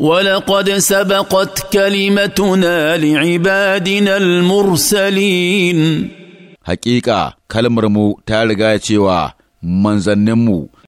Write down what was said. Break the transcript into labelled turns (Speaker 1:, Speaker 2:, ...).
Speaker 1: ولقد سبقت كلمتنا لعبادنا المرسلين حقيقة كلمرمو مو شوا
Speaker 2: منزنمو